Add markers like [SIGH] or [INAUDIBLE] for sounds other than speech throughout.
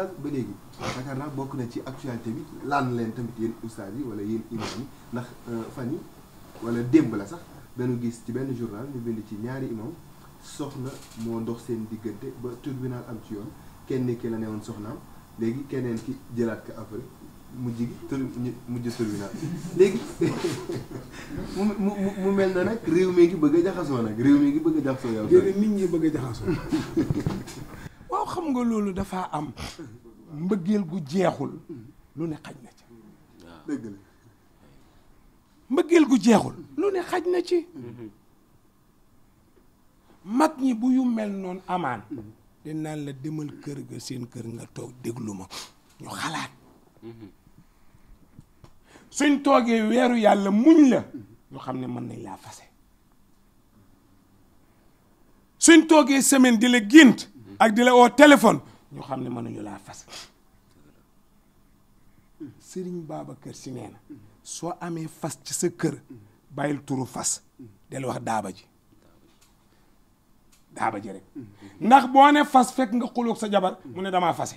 oustaz ba léegi yaakaar naa bokk na ci actualité bi laan leen tamit yéen oustaz yi wala yéen imam ndax euh, fan yi wala démb la sax dañu gis ci benn journal mu bind ci ñaari imam soxna moo ndox seen diggante ba tribunal am kenn ki la ne soxnaam léegi keneen ki jëlaat ko après mujj gi mujj tribunal léegi [LAUGHS] mu mu mu mel na nag réew mi ngi bëgg jaxasoo nag réew mi ngi bëgg a jaxasoo yow. nit ñi bëgg jaxasoo. [LAUGHS] xam nga loolu dafaa am mbëggeel gu jeexul lu ne xaj na ci jeexul lu xaj na ci mag ñi bu yu mel noon amaan di naan la demal kër ga seen kër nga toog déglu ma ñu xalaat suñ toogee weeru yàlla muñ la ñu xam ne mën nañ laa fase suñ toogee semaine di la gént ak di la woo téléphone ñu xam ne mënuñu laa fas sëriñ Babacar si nee soo amee fas ci sa kër bàyyil turu fas del wax daaba ji daaba ji rek ndax boo ne fas fekk nga xuloog sa jabar mu ne damaa fase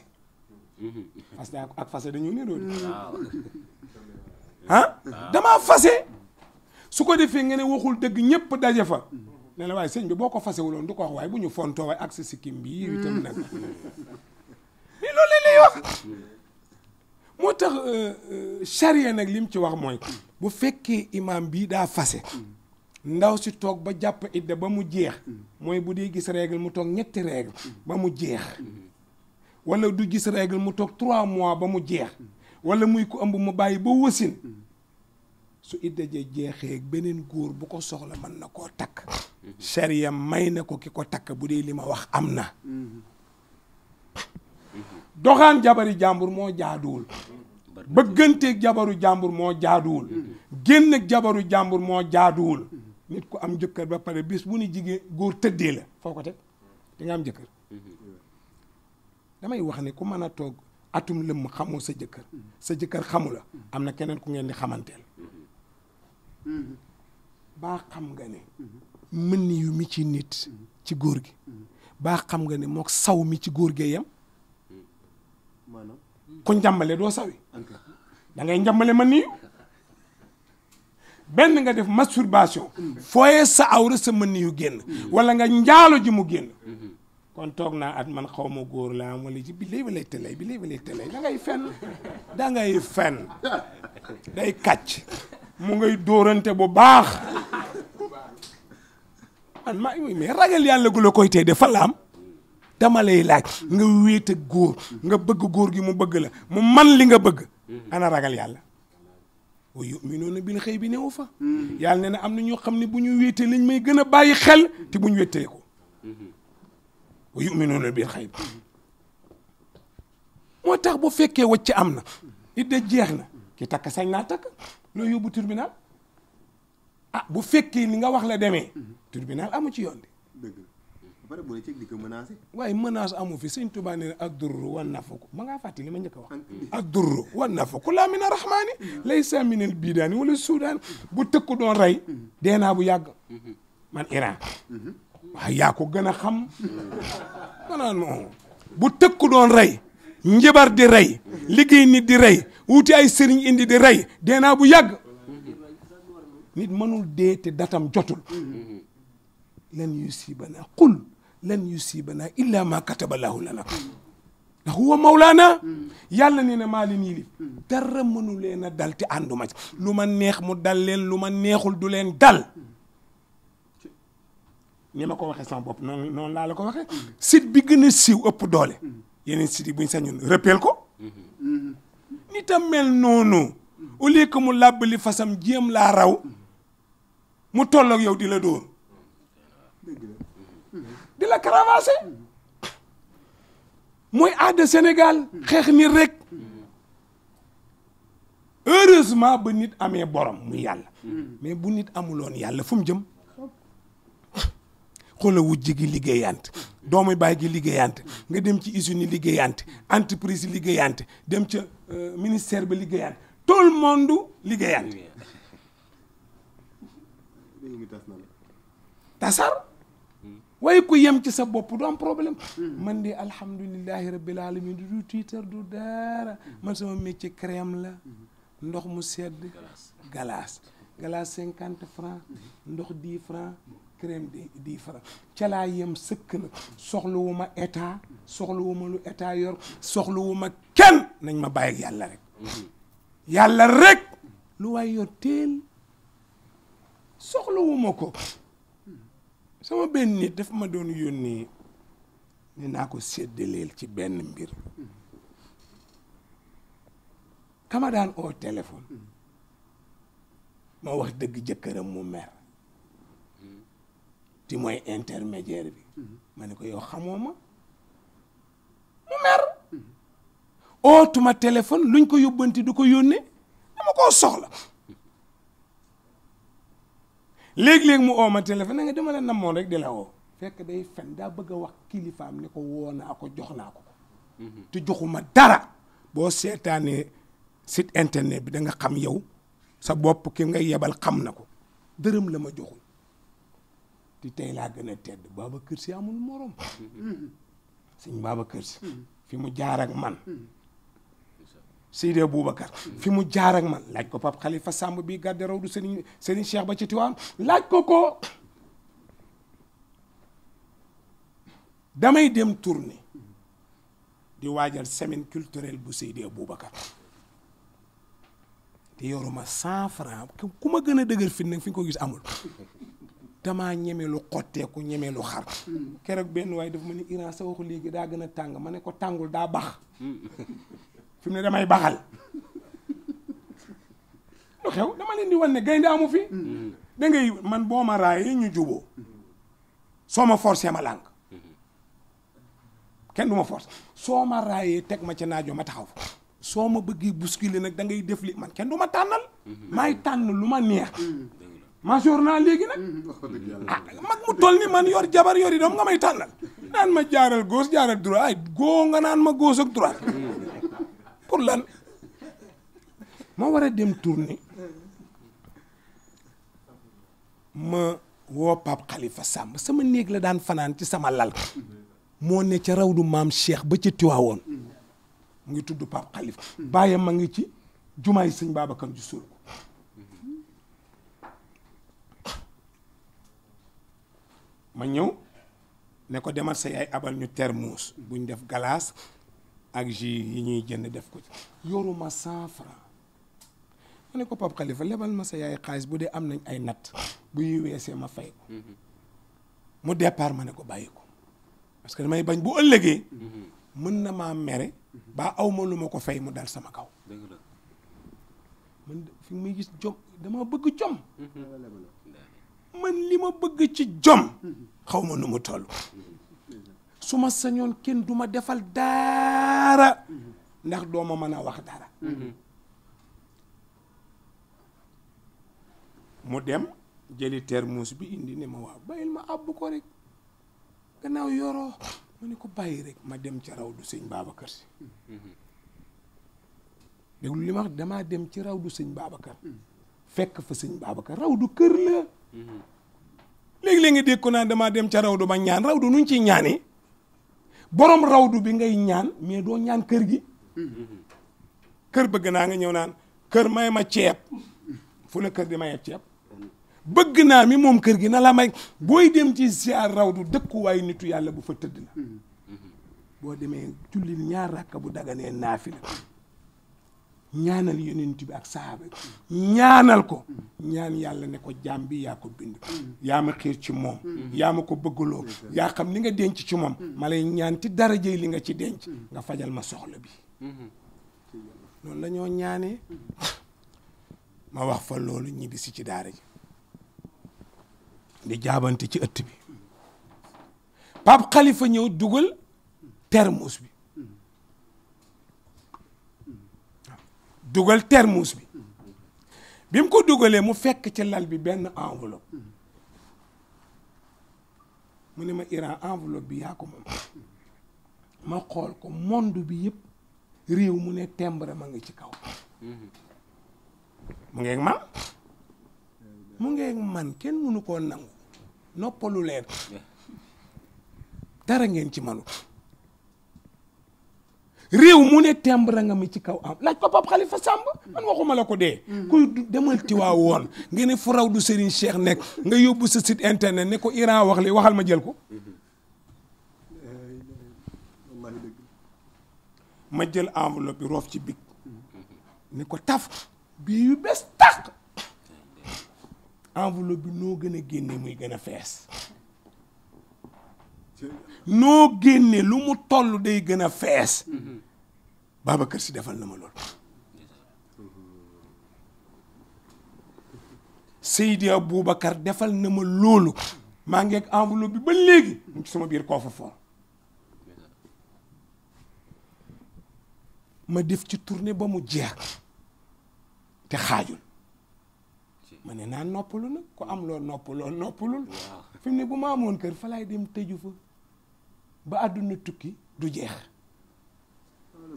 fas ak fase dañu ne loolu [LAUGHS] damaa fase su ko defee nga ne waxul dëgg ñëpp daje fa ne sëñ bi boo ko fasewuloon du ko wax waaye bu ñu fontoo waaye ak si sikkim bi yow itam nag mais loolu lay wax moo tax euh, euh, charia nag lim ci wax mooy bu fekkee imaam bii daa fase ndaw si toog ba jàpp idda ba mu jeex mooy bu dee gis règle mu toog ñetti règle ba mu jeex wala du gis règle mu toog trois mois ba mu jeex wala muy ko ëmb mu bàyyi ba wasin su idda je jeexee beneen góor bu ko soxla mën na koo takk sariya may na ko ki ko takk bu dee li ma wax am na doxaan jabari jàmbur moo jaaduwul bëgganteeg jabaru jàmbur moo jaaduwul génn jabaru jàmbur moo jaaduwul nit ku am jëkkër ba pare bis bu ni jigéen góor tëddee la foo ko teg di am jëkkër damay wax ne ku mën a toog atum lëmm xamoo sa jëkkër sa jëkkër xamu la am na keneen ku ngeen di xamanteel baa xam nga ne mën yu mi ci nit ci góor gi baa xam nga ne mook saw mi ci góor gee yem maanaam ku njàmbale doo sawi da ngay njàmbale mën niyu benn nga def masturbation fooye sa awra sa mën yu génn walla nga njaalo ji mu génn kon toog naa at man xaw ma góor la am wala ji bi léegi lay tëlay bi léegi lay tëlay da ngay fenn da ngay fenn [LAUGHS] day kàcc mu ngay dóorante bu baax man maa mais ragal yàlla gu la koy tey de falaam dama lay laaj nga wéet góor nga bëgg góor gi mu bëgg la mu man li nga bëgg ana ragal yàlla wa yuminuuna bil xëy bi newu fa yàlla ne na am na ñoo xam ne bu ñu wéetee lañ may gën a bàyyi xel te buñ ñu wéetee ko wa yuminuuna bil xëy bi moo tax bu fekkee wacc am na idda jeex na ki takk sañ naa takk loo bu tribunal a ah, bu fekkee li nga wax la demee tribunal amu ci yoon de waaye menace amu fi sëñ Tuubaa ne ak durru wan nafaku ma ngaa fàttali ma njëkk a wax ak durru wan nafaku laa mina rahmaani laysa minal biidaani wala suudaani bu tëkku doon rey deenaa bu yàgg man Iran mhm. waaw yaa ko gën a xam manaan oh. bu tëkku doon rey njabar di rey liggéey ni di rey wuti ay sëriñ indi di rey dee bu yàgg nit mënul dee te datam jotul lan yusibanaa qul lan yusibanaa illa ma kataba lahu lana ndax huwa mawlaana yàlla nee na maa dara mënu leen a dal te ànduma lu ma neex mu dal leen lu ma neexul du leen dal ni ma ko waxee sama bopp noonu noonu laa la ko waxee sit bi gën a siiw ëpp doole yeneen siti bu ñu sañoon rëppeel ko. ni tam mel noonu. au lieu que mu làbbali fasam jéem laa raw mu tolloog yow di la dóor di la caravasé mooy aada Sénégal xeex nit rek heureusement ba nit amee borom mu yàlla mais bu nit amuloon yàlla fu mu jëm xoola wujj gi liggéeyante doomu baay gi liggéeyante nga dem ci usine yi liggéeyante entreprise yi liggéeyante dem ca euh, ministère ba liggéeyante tout le monde liggéeyante tasar waaye ku yem ci sa bopp du problème man de alhamdulillahi rabbil alamin du tiitar du dara man sama métier crème la ndox mu sedd galaas galaas cinquante francs ndox dix francs crème di di fara ca laa yem sëkk na soxlawuma état soxlawuma lu état yor soxlawuma kenn nañ ma bàyyi yàlla rek yàlla lu waay yor teel soxlawuma ko sama benn nit daf ma doon yónnee ne naa ko séddaleel ci benn mbir kama daan oo téléphone ma wax dëgg jëkkëram mu mer ti mooy intermédiaire bi mm-hmm. ma ne ko yow xamoo ma mu mer mm-hmm. ootuma téléphone luñ ko yóbbanti du ko yónnee dama koo soxla léeg-léeg mu oo ma téléphone na nga dama la namoon rek di la oo fekk day fen daa bëgg a wax kilifaam ni ko woo naa ko jox naa ko ko mm-hmm. te joxuma dara boo seetaanee sit internet bi danga xam yow sa bopp ki nga yebal xam na ko dërëm la ma joxul te tey laa gën a tedd Babacar Sy amul morom sëñ Babacar Sy fi mu jaar ak man Seydi Aboubacar fi mu jaarak ak man laaj ko Pape kalifa Samb bii gàdde raw du Serigne Serigne Cheikh ba ci laaj ko ko damay dem tournée di waajal semaine culturelle bu Seydi Aboubacar te yoruma cent franc ku ma gën a dëgër fit nag fi nga ko gis amul damaa ñeme lu xotteeku ñeme lu xar. Hmm. keroog benn waaye daf ma ne Iran sa waxu léegi daa gën a tàng ma ne ko tàngul daa bax hmm. fi mu ne damay baxal lu xew dama leen di wan ne gaynde amu fi. Hmm. dangay man boo ma raayee ñu juboo soo ma forcé ma làng kenn du ma forcé soo ma raayee teg ma ca naajo ma taxaw fa soo ma bëggee bousculer nag da ngay def li man kenn du ma tànnal. maay tànn lu ma neex. masoor naa léegi nag mm-hmm. ah mag mu toll ni man yor jabar yor yi doom nga may tànnal naan ma jaaral gauche jaaral droit ay goo nga naan ma gauche ak droit mm-hmm. pour lan ma war a dem turne ma woo Pape Khalifa Samb sama néeg la daan fanaan ci sama lal mm-hmm. moo ne ca rawdu maam Cheikh ba ci Tiwaawoon ngi tudd Pape Khalifa bàyyam ma ngi ci jumaay sëñ Babacar ju suul ma ñëw ne ko demal sa yaay abal ñu termos buñ def galaas ak jus yi ñuy jënd def ko ci yoruma cent ma ne ko Pape Khalifa lebal ma sa yaay xaalis bu dee am nañ ay natt bu yuy weesee ma fay ko mhm. mu départ ma ne ko bàyyi ko parce que damay bañ bu ëllëgee mhm. mën na maa mere mhm. baa aw ma lu ma ko fay mu dal sama kaw man fi muy gis jom dama bëgg jom man li ma bëgg ci jom xaw ma nu mu toll su ma sañoon kenn du ma defal dara ndax doo ma mën a wax dara mu dem jëli termus bi indi ne ma waaw bàyyil ma àbb ko rek gannaaw yoroo ma ne ko bàyyi rek ma dem ci raw du sëñ Babacar si damaa dem ci raw du sëñ Babacar fekk fa sëñ Babacar raw du kër la léegi-léegi nga dégg ko naan damaa dem ca rawdu ma ñaan rawdu nuñ ciy ñaanee borom rawdu bi ngay ñaan mais doo ñaan kër gi kër bëgg naa nga ñëw naan kër may ma ceeb fu la kër di maye ceeb bëgg naa mi moom kër gi na la may booy dem ci raw rawdu dëkkuwaay nitu yàlla bu fa tëdd la boo demee julli ñaar rakka bu daganee naafi la ñaanal yonent bi ak saaba ñaanal ko ñaan yàlla ne ko jaam bi yaa ko bind yaa ma xiir ci moom yaa ma ko bëggaloo yaa xam li nga denc ci moom ma lay ñaan ti darajey li nga ci denc nga fajal ma soxla bi loolu la ñoo ñaanee ma wax fa loolu ñibbisi ci daara ji di jaabante ci ëtt bi Pape Khalifa ñëw dugal termos bi dugal termus bi bi mu ko dugalee mu fekk ci lal bi benn enveloppe mu ne ma Iran enveloppe bi yaa ko moom ma xool ko monde bi yépp réew mu ne timbre ma ngi ci kaw mu ngeeg man mu ngeeg man kenn mënu koo nangu noppalu leen dara ngeen ci manu réew mu ne temb ranga mi ci kaw am laaj ko Pape Khalifa Samb man waxuma la ko dee mm. kuy demal tiwaa woon nga ne fu raw du Serigne Cheikh nekk nga yóbbu sa site internet ne ko Iran wax li waxal ma jël ko ma jël enveloppe bi roof ci big mm-hmm. ne ko taf bii yu bees tàq enveloppe bi noo gën a génne muy gën a fees noo génne lu mu tollu day gën a fees mhm. Babacar si defal na ma loolu Seydi Aboubacar defal na ma loolu maa ngi ak ba léegi suma biir koofa fond ma def ci tournée ba mu jeex te xaajul ma ne naa noppalu nag ku am loo noppaloo noppalul fi ne bu ma amoon kër fa dem tëju fa ba àdduna tukki du jeex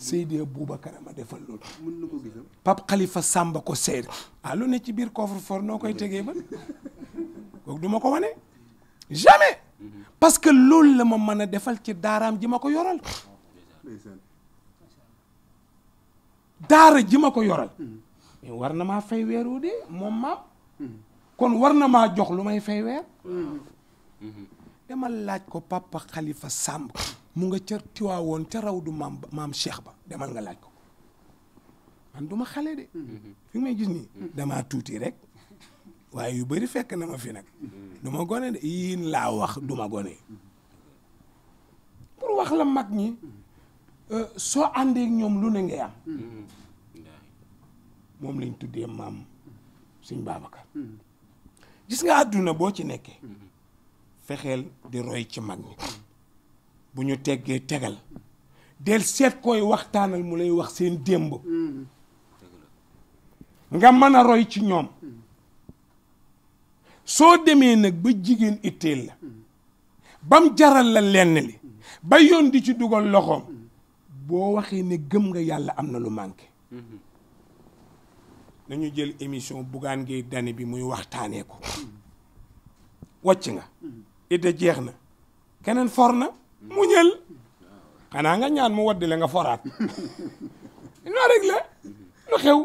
Seydi Aboubacar ma defal loolu. mën na ko gisal ko seede ah lu ne ci biir coffre fort noo koy tegee ba du ma ko wane. jamais parce que loolu la ma mën a defal ci daaraam ji ma ko yoral. daara ji ma ko yoral. war na maa fay weer wu dee moom maam. Hmm. kon war na maa jox lu may fay weer. Hmm. dama laaj ko papa xalifa sàmb mu nga ca Tiwaawoon ca raw du maam maam Cheikh ba demal nga laaj ko man duma xale de fi may gis nii damaa tuuti rek waaye yu bari fekk na ma fi nag du gone de yéen laa wax duma gone pour wax la mag ñi euh, soo àndee ñoom lu ne ngay am moom lañ tuddee maam suñ Babacar gis nga àdduna boo ci nekkee fexeel di roy ci mag ñi bu ñu teggee tegal del seet koy waxtaanal mu lay wax seen démb nga mën a roy ci ñoom soo demee nag ba jigéen itteel la bam jaral la lenn li ba yoon di ci dugal loxoom boo waxee ne gëm nga yàlla am na lu manqué nañu jël émission Bougane Gueye Dany bi muy waxtaanee ko wàcc nga idda jeex na keneen for na ñël xanaa nga ñaan mu waddile nga foraat noo [LAUGHS] la xew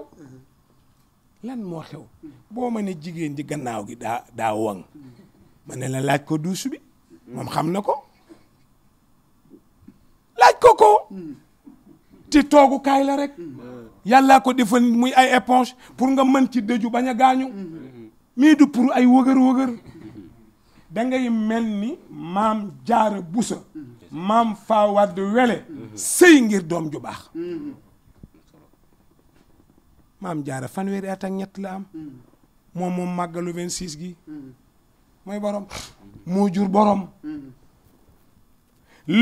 lan moo xew boo ma ne jigéen ji gannaaw gi daa daa waŋ ma ne la laaj ko duus bi moom xam na ko laaj ko ko te toogukaay la rek yàllaa ko defal muy ay éponge pour nga mën ci dëju bañ a gaañu mm-hmm. mais du pour ay wëgër wëgër da ngay mel ni maam jaara busa maam faawadd wele sëy ngir doom ju baax maam jaara fanweeri at ñett la am moom moom màggalu 26 gi mooy borom moo jur borom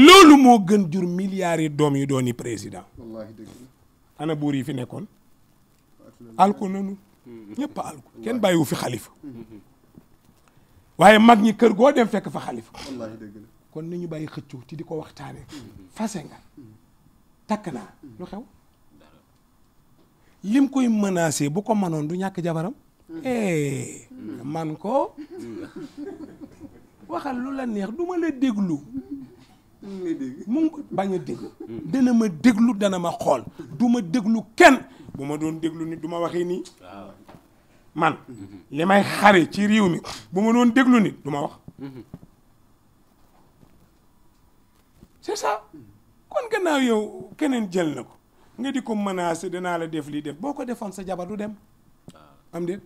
loolu moo gën jur milliards yi doom yi dooni président ana buur yi fi nekkoon alko nanu ñëpp alko kenn bàyyiwu fi xalifa waaye mag ñi kër goo dem fekk fa xalifa kon ni ñu bàyyi xëccoo ci di ko waxtaanee fase nga takk naa lu xew lim koy menacé bu ko manoon du ñàkk jabaram eh man ko waxal lu la neex du ma la déglu mu bañ a déglu dana ma déglu dana ma xool duma déglu kenn bu ma doon déglu nit du ma waxee nii man li may xare ci réew mi bu ma doon déglu nit du ma wax c'est ça kon gannaaw yow keneen jël na ko nga di ko menacé danaa la def lii def boo ko defoon sa jabar du dem ah. am déet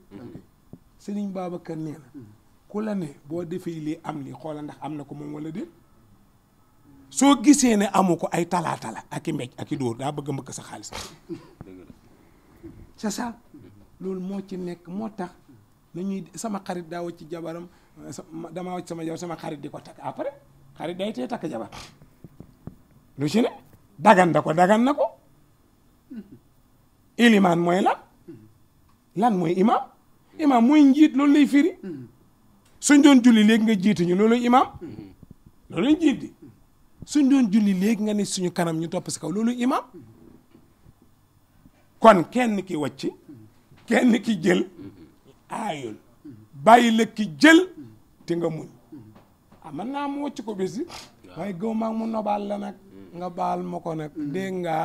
sëriñ Babacar nee na ku la ne boo defee lii am lii xoola ndax am na ko moom walla déet soo gisee ne amu ko ay talaatala ak i mbéj ak i dóor daa bëgg a mbëkk sa xaalis c'est ça loolu moo ci nekk moo tax nañuy sama xarit daa wacc ci jabaram euh, damaa wacc sama jabar sama xarit di ko takk après xarit day tee takk jabar lu ci ne dagan ko dagan na ko hmm. ilimaan mooy lan lan mooy imaam imaam mooy njiit loolu lay firi hmm. suñ doon julli léegi nga ñu hmm. loolu imaam loolu jiit di suñ doon julli léegi nga ne suñu kanam ñu topp si kaw loolu imaam kon kenn ki wacci kenn ki jël aayul bàyyi la ki jël te nga muñ ah man mu wocc ko bési waaye gëw maa mu nobal la nag nga baal ma ko nag mm. dégg nga